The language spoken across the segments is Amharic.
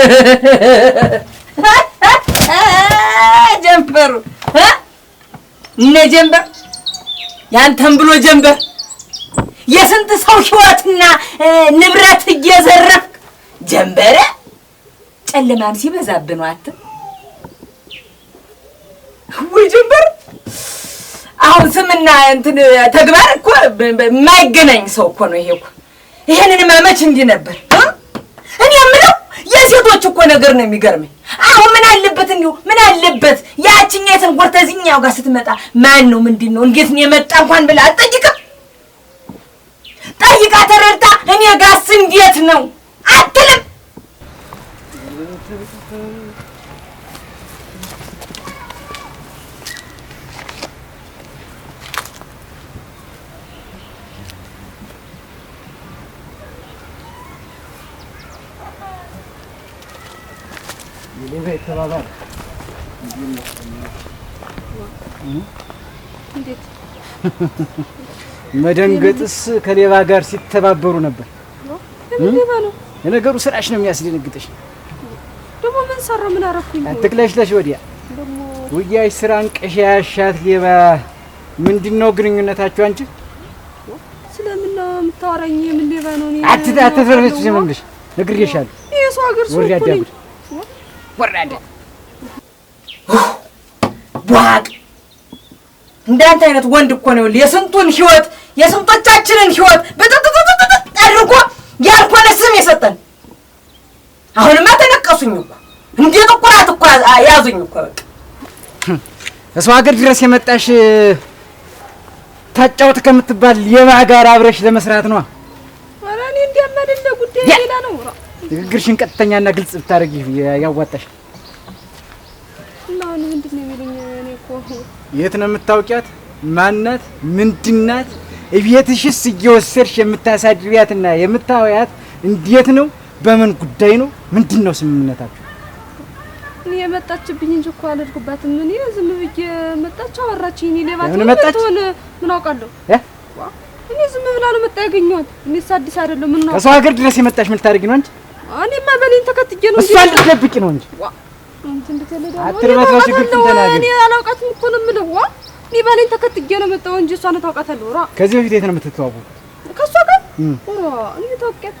ጀንበሩ እነ ጀንበር ያንተን ብሎ ጀንበር የስንት ሰው ሕይወትና ንብረት እየዘረፍክ ጀንበረ ጨለማም ሲበዛብህ ነው። ወይ ጀንበር አሁን ስምና እንትን ተግባር እኮ የማይገናኝ ሰው እኮ ነው። ይሄ እኮ ይሄንንማ ማመች እንዲህ ነበር እኔ የሴቶች እኮ ነገር ነው የሚገርመኝ። አሁን ምን አለበት እንዲሁ ምን አለበት ያችኛ ያችኛትን ጎርተዝኛው ጋር ስትመጣ ማን ነው ምንድን ነው እንዴት ነው የመጣ እንኳን ብላ አትጠይቅም። ጠይቃ ተረድታ እኔ ጋርስ እንዴት ነው አትልም። መተባበር መደንገጥስ ከሌባ ጋር ሲተባበሩ ነበር። የነገሩ ስራሽ ነው የሚያስደነግጥሽ። ደግሞ ምን ሰራ ምን አረኩኝ? አትክለሽለሽ ወዲያ ውያሽ ስራን ቀሻ ያሻት ሌባ ምንድን ነው ግንኙነታችሁ? አንቺ ስለምን የምታወራኝ? ምን ሌባ ነው? አትተፈረፈች ዘመምልሽ ነግሬሻለሁ። ይህ ሰው ሀገር ሱ ወራደ ቧቅ እንዳንተ አይነት ወንድ እኮ ነው የስንቱን ህይወት የስንቶቻችንን ህይወት በጥጥጥጥጥ አድርጎ ያልሆነ ስም የሰጠን። አሁንማ ተነቀሱኝ እኮ እንደ ጥቁራት እኮ ያዙኝ እኮ በቃ እሰው ሀገር ድረስ የመጣሽ ታጫውት ከምትባል የባ ጋር አብረሽ ለመስራት ነዋ። ኧረ እንዲያማ አይደለ ጉዳይ ሌላ ነው። ንግግርሽን ቀጥተኛና ግልጽ ብታደርጊ ያዋጣሽ። ማን አሁን ምንድን ነው የሚሉኝ? እኔ እኮ የት ነው የምታውቂያት? ማናት? ምንድናት? እቤትሽስ እየወሰድሽ የምታሳድሪያትና የምታወያት እንዴት ነው? በምን ጉዳይ ነው? ምንድን ነው ስምምነታችሁ? እኔ የመጣችብኝ እንጂ እኮ አላልኩባትም። እኔ ዝም ብዬ መጣች፣ አወራች። ይህኔ ሌባ ምን አውቃለሁ? እኔ ዝም ብላ ነው መጣ ያገኘኋት። እኔስ አዲስ አይደለም። ምን ነው ከሰው ሀገር ድረስ የመጣሽ ምን ልታደርጊ ነው አንቺ? እኔማ በሌን ተከትዬ ነው እንጂ እሷን ልትደብቂ ነው እንጂ እኔ አላውቃትም እኮ ነው የምለው። ዋ እኔ በሌን ተከትዬ ነው የመጣሁ እንጂ እሷን ራ ከዚህ በፊት የት ነው የምትተዋወቁት? ከእሷ ጋር እኔ ታውቂያት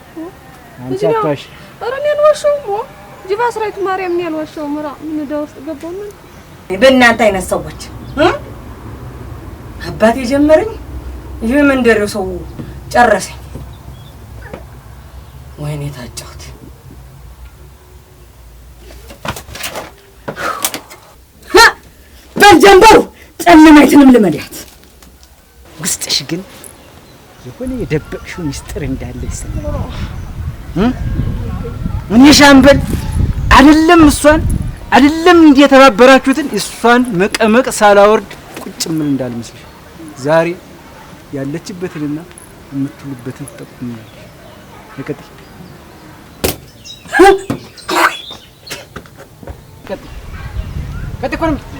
ኧረ እኔ ጅባ ማርያም እኔ ራ ምን ውስጥ ገባሁ ምን በእናንተ አይነት ሰዎች አባቴ ጀመረኝ፣ ይህ መንደሬው ሰው ጨረሰኝ። ወይኔ ታጫሁት ጨለማይትንም ልመዳት። ውስጥሽ ግን የሆነ የደበቅሽው ሚስጥር እንዳለ ይሰማል። እኔ ሻምበል አይደለም እሷን አይደለም እንዲህ የተባበራችሁትን እሷን መቀመቅ ሳላወርድ ቁጭ ምን እንዳልመስልሽ ዛሬ ያለችበትንና የምትሉበትን ትጠቁምኛለሽ። ቀጥይ ቀጥይ ቀጥይ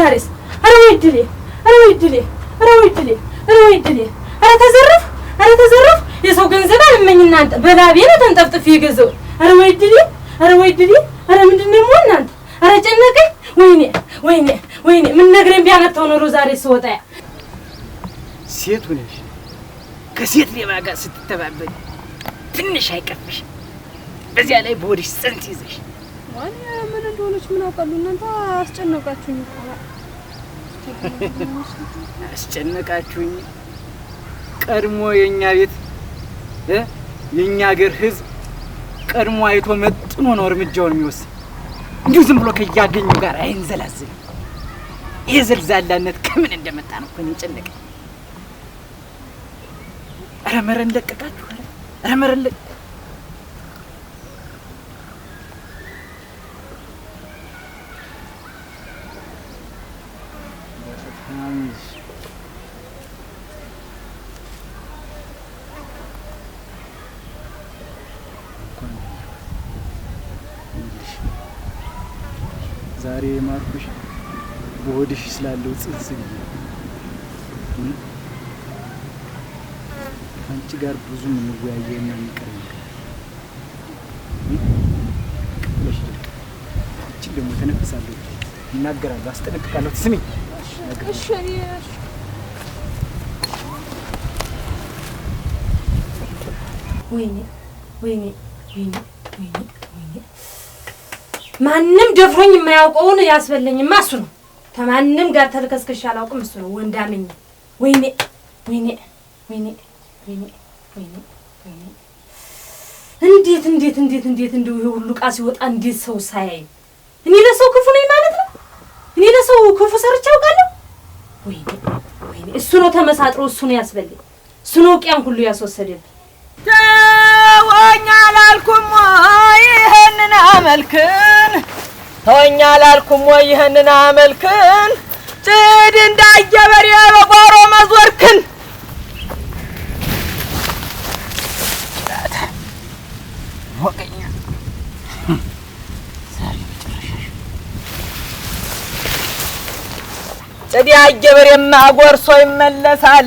ዛሬስ? ኧረ ወይ እድሌ! ኧረ ወይ እድሌ! ኧረ ወይ እድሌ! ኧረ ወይ እድሌ! ኧረ ተዘረፍ! ኧረ ተዘረፍ! የሰው ገንዘብ አልመኝ እናንተ በላቤ ነው ተንጠፍጥፌ የገዛሁት። ኧረ ወይ እድሌ! ኧረ ወይ እድሌ! ኧረ ምንድን ነው የምሆን እናንተ? ኧረ ጨነቀኝ። ወይኔ ወይኔ ወይኔ! ምን ነግረኝ ቢያመጣው ኖሮ ዛሬ ስወጣ ያ ሴቱ ነሽ ከሴት ሌባ ጋር ስትተባበል ትንሽ አይቀፍሽ። በዚያ ላይ በሆድሽ ጽንት ይዘሽ ምን እንደሆነች ምን አውቃለሁ? እናንተ አስጨነቃችሁኝ እኮ አስጨነቃችሁኝ። ቀድሞ የእኛ ቤት የእኛ ሀገር ህዝብ ቀድሞ አይቶ መጥኖ ነው እርምጃውን የሚወስድ። እንዲሁ ዝም ብሎ ከያገኙ ጋር አይንዘላዝልም። ይህ ዘልዛላነት ከምን እንደመጣ ነው እኮ እኔን ኧረ መረን ለቀቃችሁ! ኧረ መረን ለቀ ዛሬ የማርኩሽ በሆድሽ ስላለው ጽንስ ብዬ አንቺ ጋር ብዙ የምንወያየ እና የሚቀር ቀለሽ እችን ደግሞ ተነፍሳለሁ፣ እናገራለሁ፣ አስጠነቅቃለሁ። ስሚ ወይኔ ወይኔ ወይኔ ወይኔ ማንም ደፍሮኝ የማያውቀውን ያስበለኝማ እሱ ነው። ከማንም ጋር ተልከስከሽ አላውቅም። እሱ ነው ወንዳምኝ ወይኔ ወይኔ ወይኔ ወይኔ ወይኔ ወይኔ! እንዴት እንዴት እንዴት እንዴት እንደው ይሄ ሁሉ ዕቃ ሲወጣ እንዴት ሰው ሳያይ እኔ ለሰው ክፉ ነኝ ማለት ነው? እኔ ለሰው ክፉ ሰርቼ አውቃለሁ? ወይኔ ወይኔ! እሱ ነው ተመሳጥሮ፣ እሱ ነው ያስበለኝ፣ እሱ ነው ውቅያን ሁሉ ያስወሰደብኝ። ተወኛ ላልኩም ወይ ይህንን አመልክን ተወኛ ላልኩም ወይ ይህንን አመልክን ጭድ እንዳየበሬ በጓሮ መዞርክን ጭድ ያየበሬማ ጎርሶ ይመለሳል።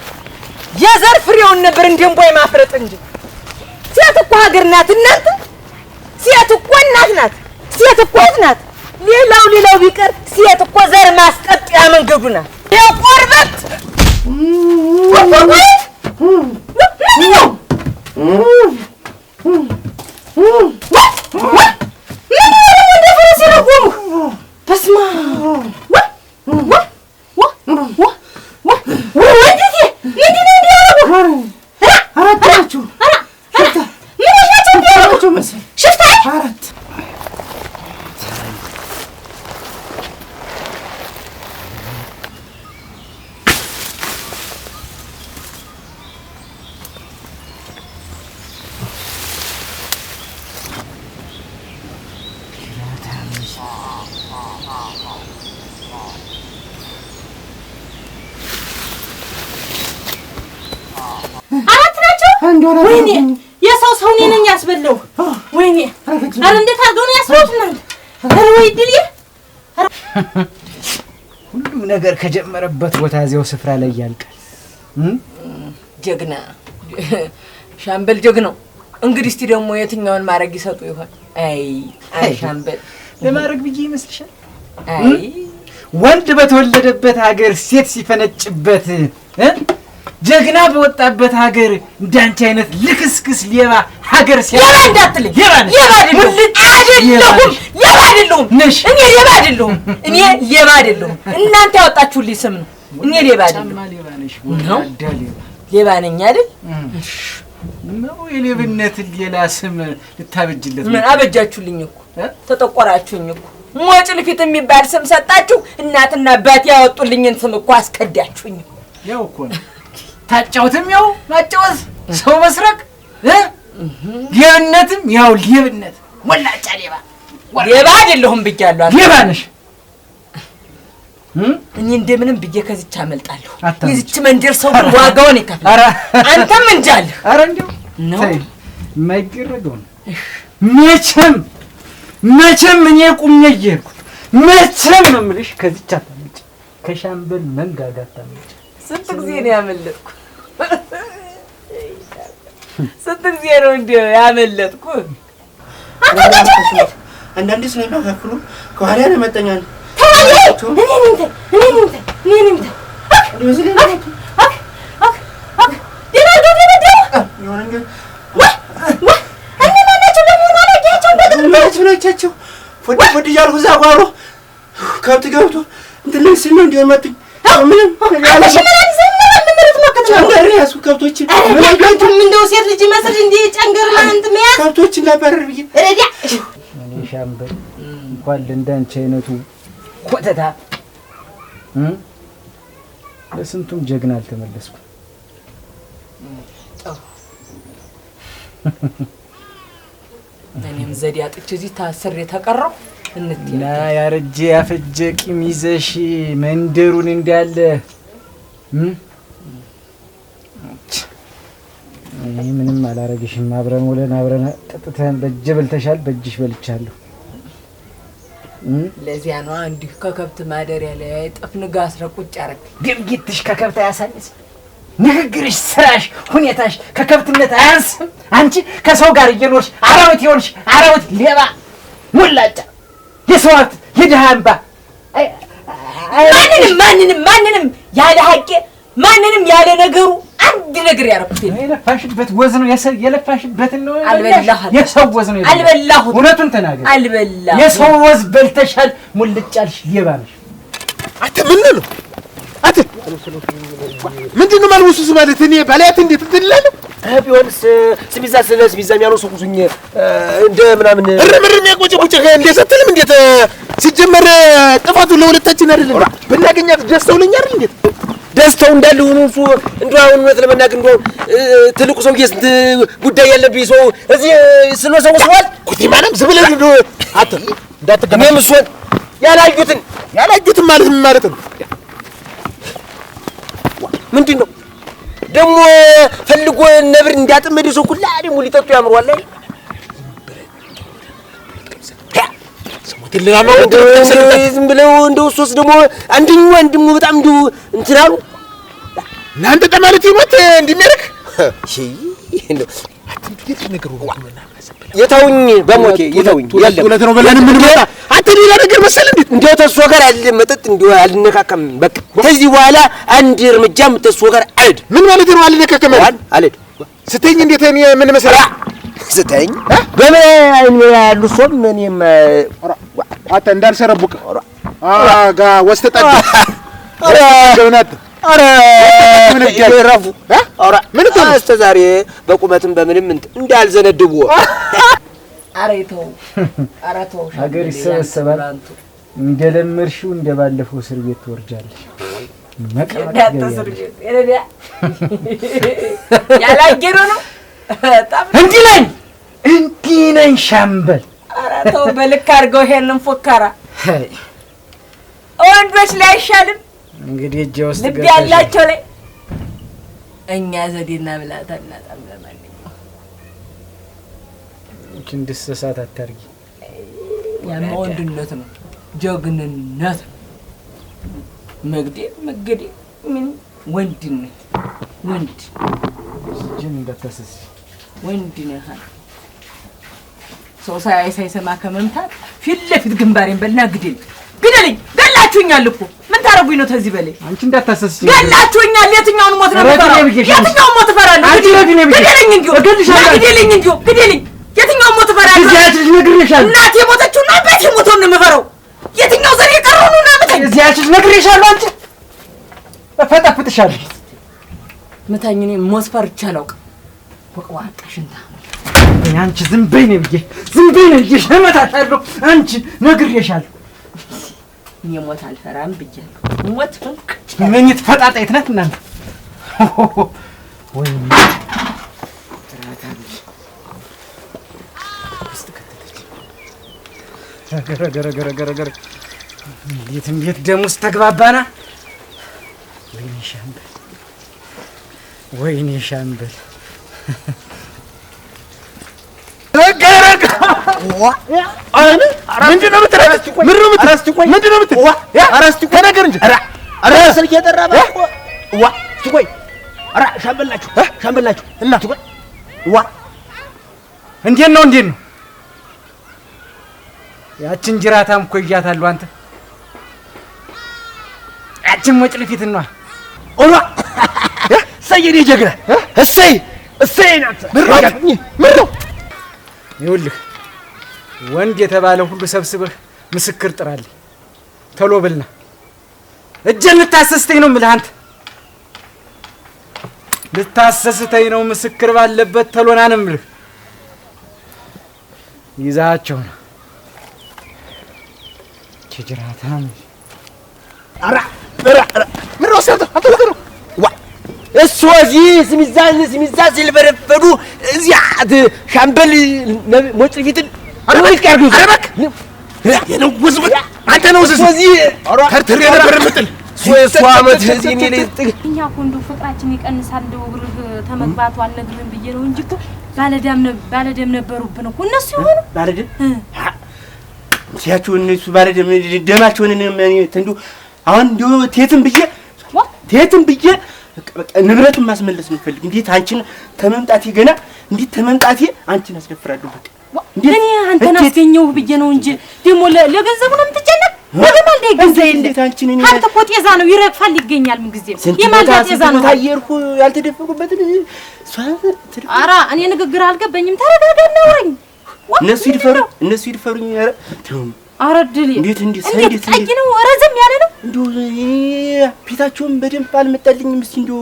የዘር ፍሬውን ነበር እንደንቧ ማፍረጥ እንጂ ሴት እኮ ሀገር ናት። እናንተ ሴት እኮ እናት ናት። ሴት እኮ እህት ናት። ሌላው ሌላው ቢቀር ሴት እኮ ዘር ማስቀጥያ መንገዱ ናት። የቆርበት ምንድነው? ኧረ ወይ ሁሉም ነገር ከጀመረበት ቦታ እዚያው ስፍራ ላይ ያልቃል። ጀግና ሻምበል ጀግናው። እንግዲህ እስቲ ደግሞ የትኛውን ማድረግ ይሰጡ ይሆን? አይ አይ ሻምበል ለማድረግ ብዬ ይመስልሻል? አይ ወንድ በተወለደበት ሀገር ሴት ሲፈነጭበት ጀግና በወጣበት ሀገር እንዳንቺ አይነት ልክስክስ ሌባ ሀገር ሌባ እንዳትለኝ። ሌባ አይደለሁም፣ ሌባ አይደለሁም። እኔ ሌባ አይደለሁም፣ እኔ ሌባ አይደለሁም። እናንተ ያወጣችሁልኝ ስም ነው። እኔ ሌባ አይደለሁም። ሌባ ነኝ አይደል? ነው የሌብነትን ሌላ ስም ልታበጅለት ምን አበጃችሁልኝ እኮ ተጠቆራችሁኝ እኮ የሚባል ስም ሰጣችሁ። እናትና አባት ያወጡልኝን ስም እኮ አስከዳችሁኝ። ያው እኮ ነው ታጫውትም ያው ማጫወት፣ ሰው መስረቅ፣ ሌብነትም ያው ሌብነት። ወላጫ ሌባ ሌባ አይደለሁም ብያለሁ። ሌባ ነሽ። እኔ እንደምንም ብዬ ከዚች አመልጣለሁ። የዚች መንደር ሰው ዋጋውን ይከፍላል። አንተም እንጃለህ። ኧረ ነው ነው። መቼም መቼም እኔ ቁሜ እየሄድኩ መቼም ነው የምልሽ፣ ከዚች አታመልጭ፣ ከሻምበል መንጋጋ አታመልጭ። ስንት ጊዜ ነው ስንት ጊዜ ነው እንዲያው ያመለጥኩ። አንዳንዴ ስለሚያካክሉ ከኋላ ነው መጠኛል። ከብት ገብቶ እንትን መጡኝ ምንም ጨንገር ያሱ ከብቶች ከብቱም እንደው ሴት ልጅ መስል እንዲ ጨንገር ለአንት መያዝ ከብቶችን ላባረር ብዬ ረዲያ እኔ ሻምበል እንኳን ለእንዳንቺ አይነቱ ኮተታ ለስንቱም ጀግና አልተመለስኩም። እኔም ዘዴ አጥቼ እዚህ ታስሬ ተቀረው እና ያረጀ ያፈጀ ቂም ይዘሽ መንደሩን እንዳለ እኔ ምንም አላረግሽም። አብረን ውለን አብረን ጠጥተን በእጄ በልተሻል፣ በእጅሽ በልቻለሁ። ለዚያ ነዋ እንዲሁ ከከብት ማደሪያ ላይ አይጠፍ ንጋ አስረ ቁጭ ድርጊትሽ ከከብት አያሳንስ፣ ንግግርሽ፣ ስራሽ፣ ሁኔታሽ ከከብትነት አያንስም። አንቺ ከሰው ጋር እየኖርሽ አራዊት የሆንሽ አራዊት፣ ሌባ፣ ሙላጫ፣ የሰው የድሃ እንባ ማንንም ማንንም ማንንም ያለ ሀቄ ማንንም ያለ ነገሩ አንድ ነገር ያደረኩት የለፋሽበት ወዝ ነው። የለፋሽበትን ነው። አልበላሁትም። የሰው ወዝ ነው። አልበላሁትም። እውነቱን ተናገር። አልበላሁትም። የሰው ወዝ በልተሻል። ሙልጭ አልሽ። አንተ ምን ነው አንተ ምንድን ነው ማልወስስ ማለት እኔ ባላያት እንዴት ትላለህ? ቢሆንስ ስሚዛ ስለ ስሚዛ የሚያነሱ ጉዙኝ እንደ ምናምን እርም ያቆጭ ቁጭ እንደ ሰትልም እንዴት ሲጀመር ጥፋቱ ለሁለታችን አይደለም። ብናገኛት ደስ ተውለኛ አይደል እንዴት ደስተው እንዳለ ሆኖ እንፎ እንዶ አሁን እውነት ለመናገር እንዶ ትልቁ ሰውዬ ስንት ጉዳይ ያለብኝ ሰው እዚህ ስለ ሰው ሰዋል ኩቲ ማንም ዝም ብለህ እንዶ አት እንዳትገናኝ እኔም እሱን ያላዩትን ያላዩትን ማለት ምን ማለት ነው? ምንድን ነው ደግሞ ፈልጎ ነብር እንዲያጥምድ ሰው ሁላ ደግሞ ሊጠጡ ያምሯል አይደል? ዝም ብለው እንደው እሶስ ደግሞ አንድኙ አንድሙ በጣም እንዲሁ እንትን አሉ። እናንተ ጠማለት ይሞት እንዲሚያደርግ የተውኝ በሞቴ የተውኝ። እውነት ነው ብለን የምንመጣ አንተ ሌላ ነገር መሰል እንዴት እንዲያው ተስፎ ጋር ያለ መጠጥ እንዲሁ አልነካከም። በቃ ከዚህ በኋላ አንድ እርምጃም ተስፎ ጋር አልሄድም። ምን ማለት ነው? አልነካከም አልሄድም ስትይኝ እንዴት ምን መሰለህ ዘጠኝ በምን አይን ያሉ ሶም እኔም አንተ እንዳልሰረቡቅ ጋ ወስተ ጠጣ ረፉ ምን እስከ ዛሬ በቁመትም በምንም እንዳልዘነድቡ ኧረ ተው ኧረ ተው፣ ሀገር ይሰበሰባል። እንደለመድሽው እንደባለፈው እስር ቤት ትወርጃለሽ። መቀመጥ ነው እንዲህ ነኝ እንዲህ ነኝ ሻምበል። ኧረ ተው በልክ አድርገው ይሄንን ፉከራ ወንዶች ላይ አይሻልም? እንግዲህ እጄ ውስጥ ልብ ያላቸው ላይ እኛ ዘዴና ብላት አናጣም። ለማንኛውም እንድትሰሳት አታርጊ። ያማ ወንድነት ነው፣ ጀግንነት ነው። መግዴ መገዴ ምን ወንድነት ወንድ ጅን እንዳታሰሲ ወንድ ነህ ሰው ሳይሰማ ከመምታት ፊት ለፊት ግንባሬን በልና ግድል ገላችሁኛል እኮ ምን ታረጉኝ ነው? ተዚህ በላይ አንቺ ገላችሁኛል። የትኛውን ሞት ነው የምፈራው? የትኛውን ሞት እፈራለሁ? እንዲሁ እንዲሁ የትኛውን ሞት እፈራለሁ? ቤት ነው የምፈራው። የትኛው ዘር የቀረው ነው? ነግሬሻለሁ። አንቺ እፈጠፍጥሻለሁ። ምታኝ። እኔ ሞት አላውቅም። ነኝ አንቺ ዝም በይ ነው ብዬሽ፣ ዝም በይ ነው ብዬሽ እመታታለሁ። አንቺ ነግሬሻለሁ። ሞት አልፈራም ብያለሁ። ሞት መኝት ፈጣጣ የት ናት እናንተ? ወይ ረገረገረገረገረ እንዴትም ቤት ደም ውስጥ ተግባባና። ወይኔ ሻምበል፣ ወይኔ ሻምበል እንዴት ነው እንዴት ነው? ያችን ጅራታም እኮ ይዣታለሁ። አንተ ያችን ሞጭልፊት ነዋ። እሰይ ጀግና፣ እሰይ እሰይ። ይኸውልህ ወንድ የተባለ ሁሉ ሰብስበህ ምስክር ጥራልኝ። ተሎ ብልና እጄ ልታሰስተኝ ነው የምልህ አንተ ልታሰስተኝ ነው። ምስክር ባለበት ተሎና ነው የምልህ። ይዛቸው ነው ችጅራታም እሱ እዚህ ስሚዛን ስሚዛን ሲልበረበዱ እዚያ ሻምበል ሞጭ ፊትን ፍቅራችን ይቀንሳል እንደው እግርህ ተመግባቱ አልነግርህም ብዬ ነው እንጂ እኮ ባለደም ነበሩብን እኮ እነሱ የሆኑ ባለደም ባለደም አሁን ብዬ ብዬ ንብረቱን ማስመለስ ነው የምፈልግ። እንዴት አንቺን ተመምጣቴ ገና እንዴት ተመምጣቴ አንቺን አስደፍራለሁ በቃ እኔ አንተን አስገኘው ብዬ ነው እንጂ ደግሞ ለገንዘቡ ነው የምትጨነቅ። ወደማልዳ ገንዘብ አንተ እኮ ጤዛ ነው ይረግፋል፣ ይገኛል። ምን ጊዜ የማልዳ ጤዛ ነው ታየርኩ ያልተደፈቁበት። ኧረ እኔ ንግግር አልገባኝም። ተረጋጋ፣ እናውራኝ። እነሱ ይድፈሩ፣ እነሱ ይድፈሩኝ። ኧረ ድል እንዴት እንዴት እንዴት ጠቂ ነው ረዘም ያለ ነው። እንደው ፊታቸውን በደንብ አልመጣልኝም። እስኪ እንደው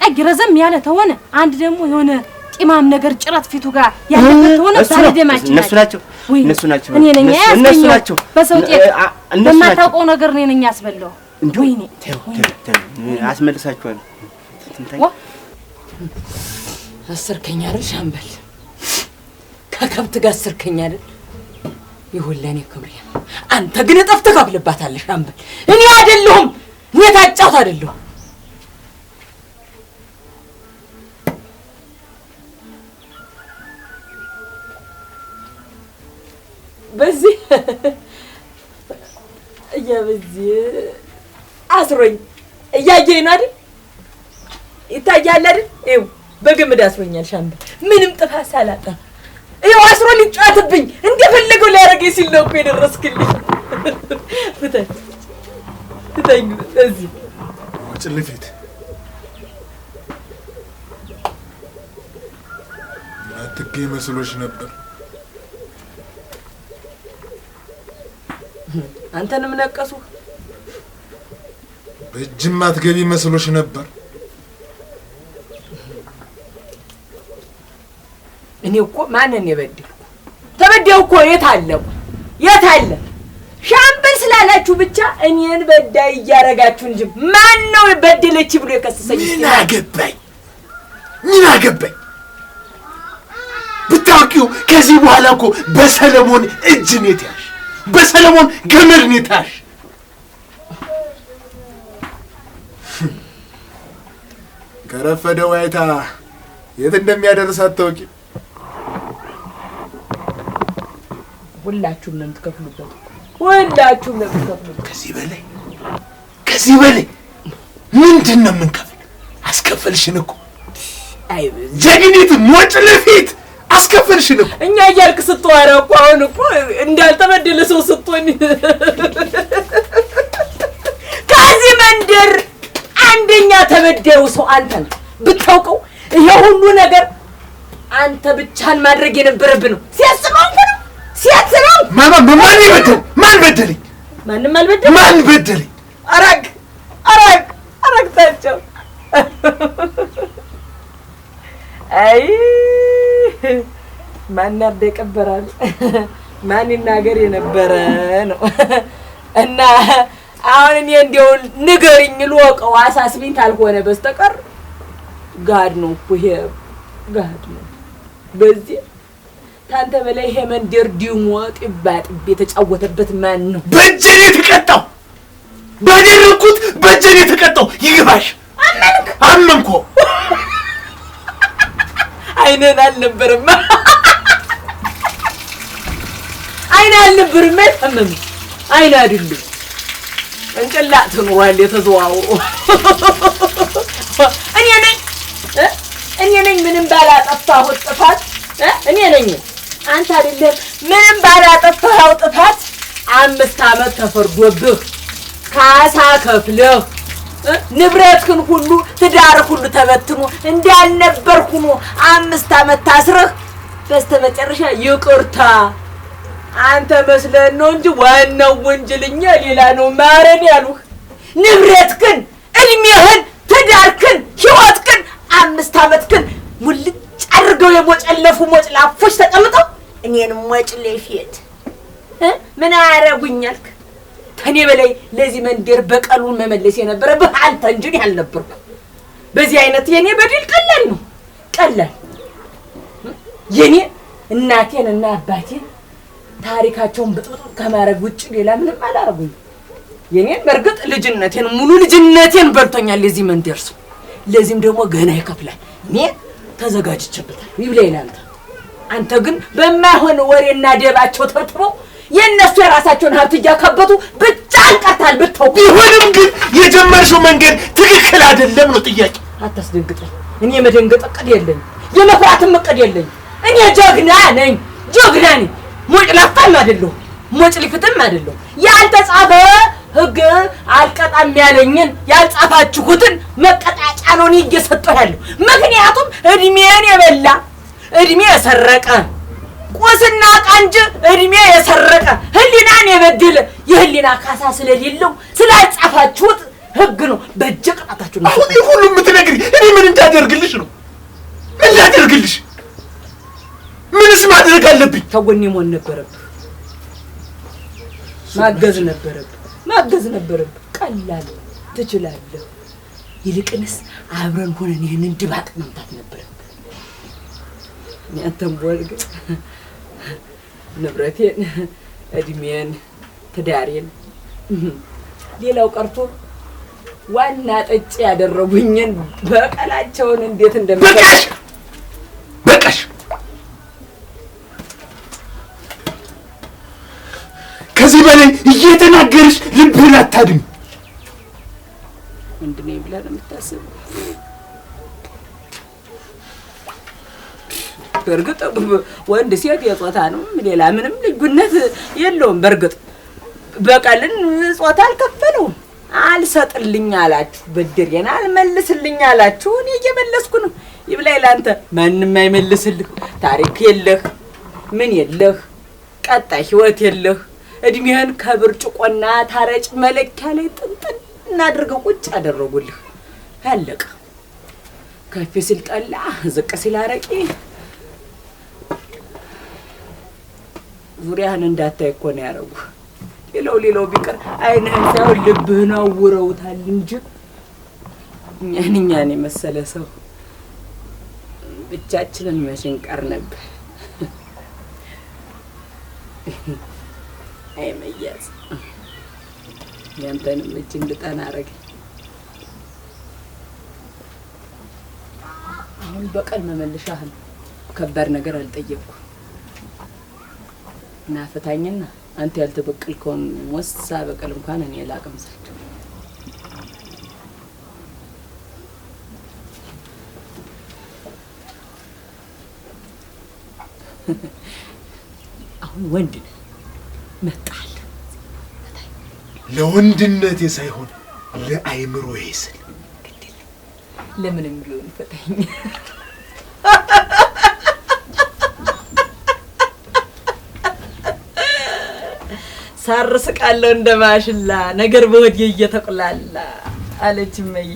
ጠቂ ረዘም ያለ ተሆነ አንድ ደግሞ የሆነ ጢማም ነገር ጭረት ፊቱ ጋር ያለበት ሆነ ሳልደማች እነሱ ናቸው እነሱ ናቸው እኔ ነኝ እነሱ ናቸው። በሰው ጤት በማታውቀው ነገር እኔ ነኝ ያስበላው። እንዴ ወይኔ አስመልሳችኋለሁ። አስርከኝ አይደል ሻምበል? ከከብት ጋር አስርከኝ አይደል? ይሁላኔ ክብሬ አንተ ግን ጠፍተህ ካብልባታለህ ሻምበል። እኔ አይደለሁም እኔ ታጫውት አይደለሁም በዚህ እያ አስሮኝ እያየኝ ነው አይደል? ይታያል አይደል? ይኸው በገመድ አስሮኛል። ሻምበል ምንም ጥፋት ሳላጠፋ ይኸው አስሮ ሊጫወትብኝ እንደፈለገው ሊያደርገኝ ሲል ነው እኮ የደረስክልኝ። ፍታኝ ፍታኝ። እዚህ ጭልፊት አትገኝ መስሎች ነበር። አንተንም ነቀሱ። በእጅም አትገቢ መስሎሽ ነበር። እኔ እኮ ማንን የበደልኩ? ተበደው እኮ የት አለው? የት አለ? ሻምበል ስላላችሁ ብቻ እኔን በዳይ እያረጋችሁ እንጂ ማን ነው በደለች ብሎ የከሰሰኝ? ምን አገባኝ? ምን አገባኝ? ብታውቂው ከዚህ በኋላ እኮ በሰለሞን እጅ ነው የተያዝሽ። በሰለሞን ገመድ ኔታሽ ከረፈደ ዋይታ የት እንደሚያደርስ አታውቂ። ሁላችሁም ነው የምትከፍሉበት፣ ሁላችሁም ነው የምትከፍሉበት። ከዚህ በላይ ከዚህ በላይ ምንድን ነው የምንከፍል? አስከፈልሽን እኮ አይ ጀግኒት ሞጭ ለፊት አስከፈልሽን እኮ እኛ እያልክ ስትዋራ እኮ አሁን እኮ እንዳልተበደለ ሰው ስትሆን ከዚህ መንደር አንደኛ ተበዳዩ ሰው አንተ ነው ብታውቀው። ይሄ ሁሉ ነገር አንተ ብቻህን ማድረግ የነበረብህ ነው። ሲያስበው አንተ ነው ማማ ማን ይበደል? ማን በደለኝ? ማንም አልበደለኝ። ማን በደለኝ? አራግ አራግ አራግ ታቸው አይ ማን ያደቀበራል ማን ይናገር የነበረ ነው። እና አሁን እኔ እንዲያው ንገሪኝ፣ ልወቀው፣ አሳስቢኝ ካልሆነ በስተቀር ጋድ ነው እኮ ይሄ ጋድ ነው። በዚህ ታንተ በላይ ይሄ መንደር ዲሞ የተጫወተበት ማን ነው? የተቀጣው ባደረኩት፣ የተቀጣው ይግባሽ። አመንክ አመንኮ አይነን አይን አልነበረማ አይታመም አይን አይደለም የተዘዋውሮ እኔ ነኝ እኔ ነኝ ምንም ባላጠፋሁት ጥፋት እኔ ነኝ አንተ አይደለም ምንም ባላጠፋኸው ጥፋት አምስት ዓመት ተፈርዶብህ ካሳ ከፍለህ ንብረትህን ሁሉ ትዳር ሁሉ ተበትኖ እንዳልነበር ሁኖ አምስት አመት ታስረህ በስተመጨረሻ ይቅርታ አንተ መስለን ነው እንጂ ዋናው ወንጀለኛ ሌላ ነው ማረን ያሉህ። ንብረትህን፣ እድሜህን፣ ትዳርክን ሕይወትህን፣ አምስት ዓመትህን ሙልጭ አድርገው የሞጨለፉ ሞጭላፎች ተቀምጠው እኔንም ሞጭ ለፊት ምን አረጉኛልክ? ከኔ በላይ ለዚህ መንደር በቀሉን መመለስ የነበረብህ አንተ እንጂ እኔ አልነበርኩም። በዚህ አይነት የኔ በድል ቀላል ነው፣ ቀላል የኔ እናቴን እና አባቴን ታሪካቸውን ብጥብጥ ከማድረግ ውጭ ሌላ ምንም አላረጉኝ። የኔን በእርግጥ ልጅነቴን ሙሉ ልጅነቴን በልቶኛል የዚህ መንደር ሰው። ለዚህም ደግሞ ገና ይከፍላል። እኔ ተዘጋጅቼበታል። ይብላኝ አንተ አንተ ግን በማይሆን ወሬና ደባቸው ተጥሮ የእነሱ የራሳቸውን ሀብት እያካበቱ ብቻ እንቀርታል። ብተው ቢሆንም ግን የጀመርሽው መንገድ ትክክል አይደለም ነው ጥያቄ። አታስደንግጠኝ። እኔ የመደንገጥ እቅድ የለኝ፣ የመኩራትም እቅድ የለኝ። እኔ ጀግና ነኝ፣ ጀግና ነኝ። ሞጭ ላፋም አይደለሁም፣ ሞጭ ሊፍትም አይደለሁም። ያልተጻፈ ህግ አልቀጣም ያለኝን ያልጻፋችሁትን መቀጣጫ ነው እኔ እየሰጠሁ ያለሁ። ምክንያቱም እድሜን የበላ እድሜ የሰረቀ ቁስና ቃንጅ እድሜ የሰረቀ ህሊናን የበደለ የህሊና ካሳ ስለሌለው ስላጻፋችሁት ህግ ነው። በእጀ ቅጣታችሁ ነው። አሁን ሁሉ የምትነግሪ እኔ ምን እንዳደርግልሽ ነው? ምን እንዳደርግልሽ? ምንስ ማድረግ አለብኝ? ተጎኔ መሆን ነበረብህ። ማገዝ ነበረብህ። ማገዝ ነበረብህ። ቀላል ትችላለህ። ይልቅንስ አብረን ሆነን ይህንን ድባቅ መምታት ነበረብህ። እኔ አንተም ወርግ ንብረቴን፣ እድሜን፣ ትዳሬን ሌላው ቀርቶ ዋና ጠጭ ያደረጉኝን በቀላቸውን እንዴት እንደሚ በቃሽ። ከዚህ በላይ እየተናገርሽ ልብህን አታድም። ወንድሜ ብለህ ነው የምታስብ በእርግጥ ወንድ ሴት የጾታ ነው፣ ሌላ ምንም ልዩነት የለውም። በእርግጥ በቀልን ጾታ አልከፈለውም። አልሰጥልኝ አላችሁ፣ ብድሬን አልመልስልኝ አላችሁ። እኔ እየመለስኩ ነው። ይብላኝ ለአንተ ማንም አይመልስልህ። ታሪክ የለህ፣ ምን የለህ፣ ቀጣይ ህይወት የለህ። እድሜህን ከብርጭቆና ታረጭ መለኪያ ላይ ጥንጥን እናድርገው ቁጭ አደረጉልህ። አለቀ። ከፍ ሲል ጠላ፣ ዝቅ ሲል አረቄ ዙሪያህን እንዳታይ እኮ ነው ያደረጉህ። ሌላው ሌላው ቢቀር አይንህን ሳይሆን ልብህን አውረውታል እንጂ እኛን እኛን የመሰለ ሰው ብቻችንን መቼ እንቀር ነበር። አይ መያዝ ያንተንም እጅ እንድጠና አደረገኝ። አሁን በቀል መመልሻህን ከባድ ነገር አልጠየቅኩም። ናፈታኝና አንተ ያልተበቀልከውን ወስሳ በቀል እንኳን እኔ ላቀምሳቸው። አሁን ወንድ ነህ መጣል ለወንድነቴ ሳይሆን ለአይምሮዬ ስል ለምንም ቢሆን ፈታኝ ሳር ስቃለሁ እንደ ማሽላ ነገር በወዴ እየተቁላላ አለች እመዬ።